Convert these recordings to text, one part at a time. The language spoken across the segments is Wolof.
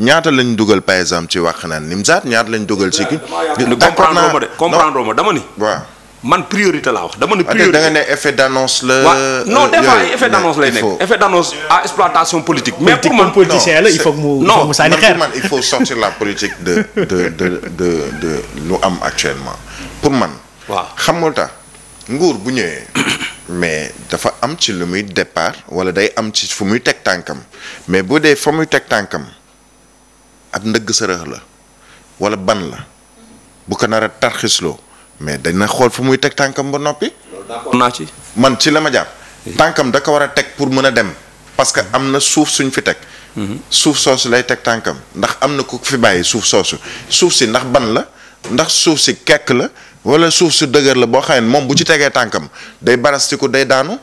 ñaata lañ dugal par exemple ci wax naan jaar ñaata lañ dugal ci kii. comprendre ma de comprendre ma dama ni. waaw man priorité laa wax dama ni. priorité da nga ne effet d' annonce la. Euh, non des effet d' annonce lay nekk effet d' annonce à exploitation politique. mais pour man politicien la il faut mu. non mu sànni il faut sortir la politique de de de lu am actuellement pour man. waaw xam nga lu nguur bu ñëwee. mais dafa am ci lu muy départ wala day am ci fu muy teg tànkam mais boo dee fa muy teg tànkam. ab ndëgg sërëx la wala ban la bu ko nar a tarxisloo mais dañ na xool fu muy teg tànkam ba noppi. naa ci. man ci la ma jàpp. tànkam da ko war a teg pour mën a dem parce que am na suuf suñ fi teg. Mhm. suuf soosu lay teg tànkam ndax am na ku fi bàyyi suuf soosu suuf si ndax ban la ndax suuf si kekk la wala suuf su dëgër la boo xam ne moom bu ci tegee tànkam day barastiku day daanu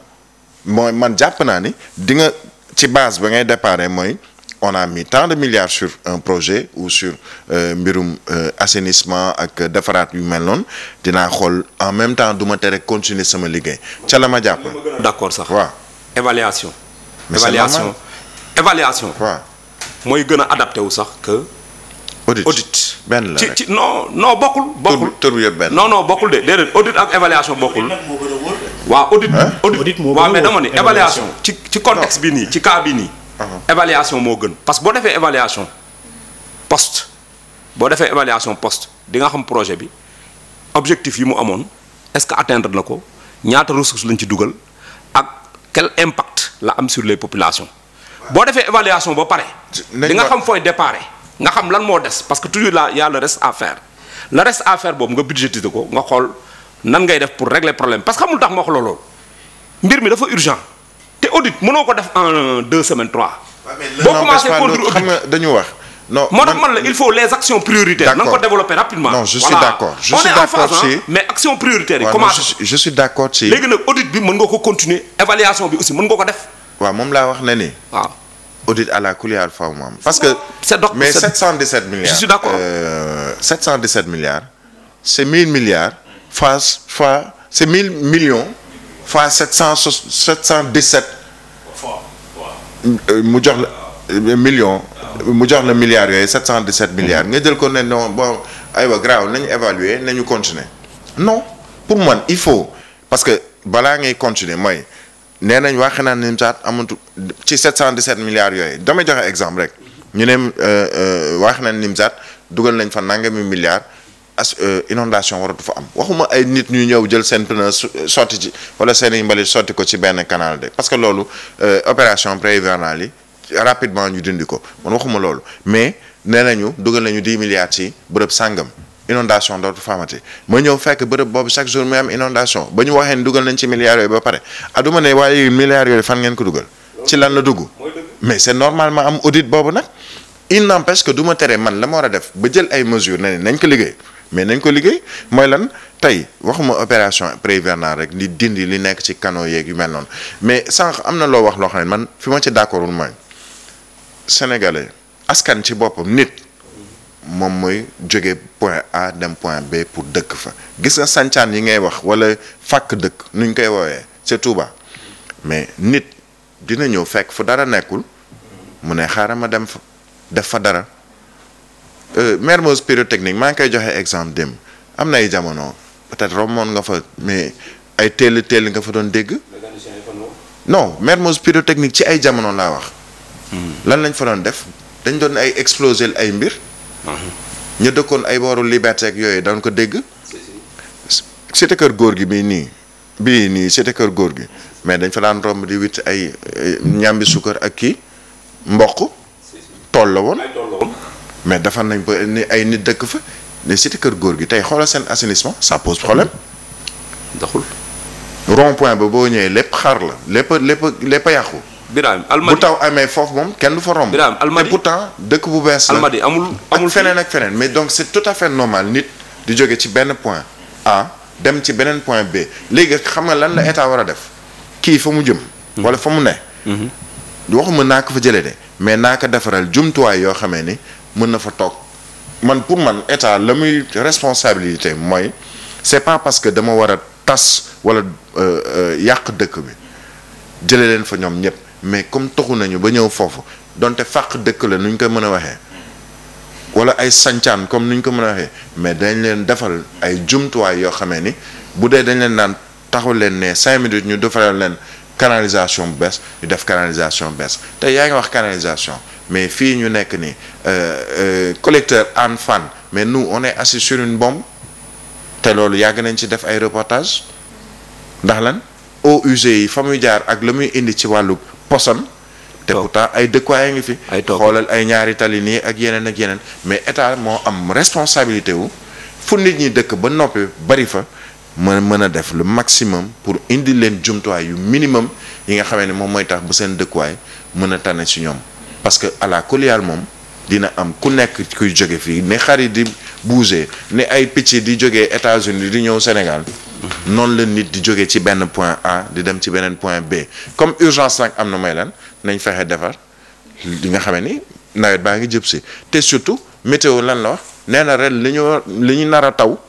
mooy man jàpp naa ni dinga ci base ba ngay déparé mooy. on a mis tant de milliards sur un projet ou sur euh, mbirum euh, assainissement ak defaraat yu mel noonu dinaa xool en même temps du ma tere continuer sama liggéey ca la ma jàpp. d'accord sax waa évaluation. évaluation évaluation. waaw mooy gën a adapté wu sax que. audit audit. benn la rek ci ci non non bokkul. bokkul tër bi yëpp benn non non bokkul de déedéet audit ak évaluation bokkul. waa audit. audit moo a wóor waaw mais dama ni évaluation. ci ci contexte bi nii ci cas bi nii. Uh-huh. évaluation moo gën parce que boo defee évaluation poste boo defee évaluation post di nga xam projet bi objectif yi mu amoon est-ce que atteindre na ko ñaata ressource lañ ci dugal ak quel impact la am sur les populations boo defee évaluation ba pare di nga xam fooy déparé nga xam lan moo des parce que toujours là y a le reste à faire le boobu nga budgétiser ko nga xool nan ngay def pour régler problème parce que xamul tax ma xolo loolu mbir mi dafa urgent te audit mënoo ko def en deux semaines trois. boo commencé contre dañu wax. non moo tax man la il faut les actions prioritaires. na nga ko développer rapidement. non je suis d' accord je suis d' accord si mais actions prioritaires yi commencé. audit bi mën nga ko continuer évaluation bi aussi mën nga ko def. moom laa wax ne ni. waaw audit à la coulière faaw mu parce que mais 717 milliards. je suis d' accord 717 milliards. c' est 1000 milliards. face fois c' est 1000 millions. fois 700 717. fois waaw. mu jox la euh, million. mu jox la milliards yooyu 717 milliards. Mm-hmm. nga jël ko ne non bon aywa grave nañu évaluer nañu continuer. non pour man il faut parce que balaa ngay continuer mooy nee nañ wax naan ni saat amatu ci 717 milliards yooyu damay joxe exemple rek. ñu ne euh, euh, waax na Nimzaat dugal nañ fa nangami milliards parce euh, que inondation waratu fa am waxuma ay nit ñu ñëw jël seen pneu sotti ci wala seen i mbalit sotti ko ci benn canal de parce que loolu euh, opération préhivernale yi rapidement ñu dindi ko man waxuma loolu mais nee nañu dugal nañu 10 milliards ci bërëb sàngam inondation dootu fa amati ma ñëw fekk bërëb boobu chaque jour muy am inondation ba ñu waxee ni dugal nañ ci milliards yooyu ba pare aduma ah, ne waaye milliards yooyu fan ngeen ko dugal. ci lan la dugg. mais c'est normalement am audit boobu nag il n'empêche que du ma tere man la ma war a def ba jël ay mesures nañ ko liggéey. mais nañ ko liggéey mooy lan tey waxuma opération préhivernale rek di dindi li nekk ci kano yeeg yu mel noonu mais sànq am na loo wax loo xam ne man fi ma ci d'accordul mooy sénégalais askan ci boppam nit moom mooy jóge point A dem point B pour dëkk fa gis nga sàncaan yi ngay wax wala fàkk dëkk nuñ koy woowee c'est Touba mais nit dina ñëw fekk fu dara nekkul mu ne xaaral ma dem fa def fa dara Euh, Mermoz technique maa ngi koy joxe exemple dem am na ay jamono peut-être romboon nga fa mais ay teel teel nga fa doon dégg. non Mermoz pyrotechnique ci ay jamono laa wax. Hmm. lan lañ fa doon def dañ doon ay exploser ay mbir. Uh-huh. ñu dëkkoon ay booru liberté ak yooyu daan ko dégg. c'était kër góor gi bii nii bii nii c'était kër góor gi mais dañ fa daan romb di witt ay ñambi sukkar ak kii mboq. tool la woon. mais defar nañ ba ni ay nit dëkk fa ne cité kër góor gi tey xoolal seen assainissement ça pose problème. doxul. rond point ba boo ñëwee lépp xar la lépp lépp lépp a yàqu. Birame Almadi bu taw amee foofu moom kenn du fa romb. Birame Almadi te pourtant dëkk bu bees la. Almadi amul amul feneen ak feneen mais donc c'est tout à fait normal nit di jóge ci benn point A dem ci beneen point B léegi xam nga lan la état war a def kii fa mu jëm. wala fa mu ne. Mhm. waxuma naa ko fa jëlee de mais naa ko defaral jumtuwaay yoo xamee ni. mën na fa toog man pour man état la muy responsabilité mooy c'est pas parce que dama war a tas wala euh, euh, yàq dëkk bi jële leen fa ñoom ñëpp mais comme toxu nañu ba ñëw foofu donte fàq dëkk la nu ñu ko mën a waxee wala ay sancaan comme ni ñu ko mën a waxee mais dañ leen defal ay jumtuwaay yoo xamee ni bu dee dañ leen naan taxu leen ne cinq minutes ñu defaral leen canalisation bu bees ñu def canalisation bu bees te yaa ngi wax canalisation mais fii ñu nekk ni euh, euh, collecteur Hann Fann mais nu on est assis sur une bombe te loolu yàgg nañ ci def ay reportage ndax lan eaux usées yi fa muy jaar ak la muy indi ci wàllu posan te pourtant ay dëkkuwaay ngi fi xoolal ay ñaari tali nii ak yeneen ak yeneen mais état moo am responsabilité wu fu nit ñi dëkk ba noppi bari fa mën mën a def le maximum pour indi leen jumtuwaay yu minimum yi nga xamee ne moom mooy tax ba seen dëkkuwaay mën a tane ci ñoom parce que à la colléale moom dina am ku nekk kuy jóge fii ne xarit di bouger ne ay picc di jógee États-Unis di ñëw Sénégal noonu la nit di jógee ci benn point A di dem ci beneen point B comme urgence nag am na mooy lan nañ fexe defar li nga xamee ni nawet baa ngi jëm si te surtout météo lan la wax nee na ren li ñu li ñu nar a taw.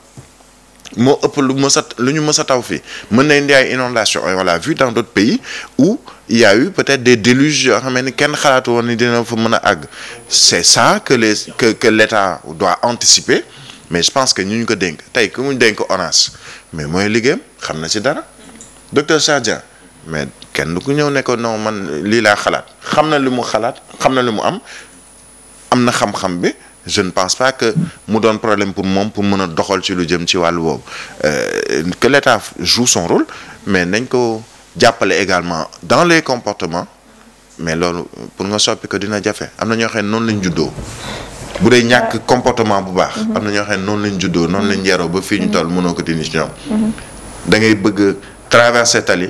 moo ëpp lu mës a lu ñu mës a taw fii mën nañ di ay inondation on l'a vu dans d'autres pays où il eu peut-être des déluges yoo xam ne kenn xalaatu woon ni dina fa mën a àgg c'est ça que les que que l'État doit anticiper mais je pense que ñu ñu ko dénk tey ku mu dénk orange mais mooy liggéeyam xam na si dara docteur Sadien mais kenn du ku ñëw ne ko man lii laa xalaat xam na lu mu xalaat xam na lu mu am am na xam-xam bi je ne pense pas que mu doon problème pour moom pour mën a doxal ci lu jëm ci wàllu boobu euh, que l'État joue son rôle mais nañ ko jàppale également dans les comportements mais loolu pour nga soppi ko dina jafe am na ñoo xam ne noonu lañ juddoo bu dee ñàkk comportement bu baax am na ñoo xam ne noonu lañ juddo noonu lañ yaroo ba fii ñu toll mënoo ko dindi ci ñoom da ngay bëgg traverser tali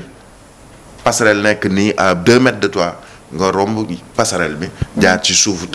passerelle nekk nii à deux mètres de toi nga romb passerelle bi jaar ci suufu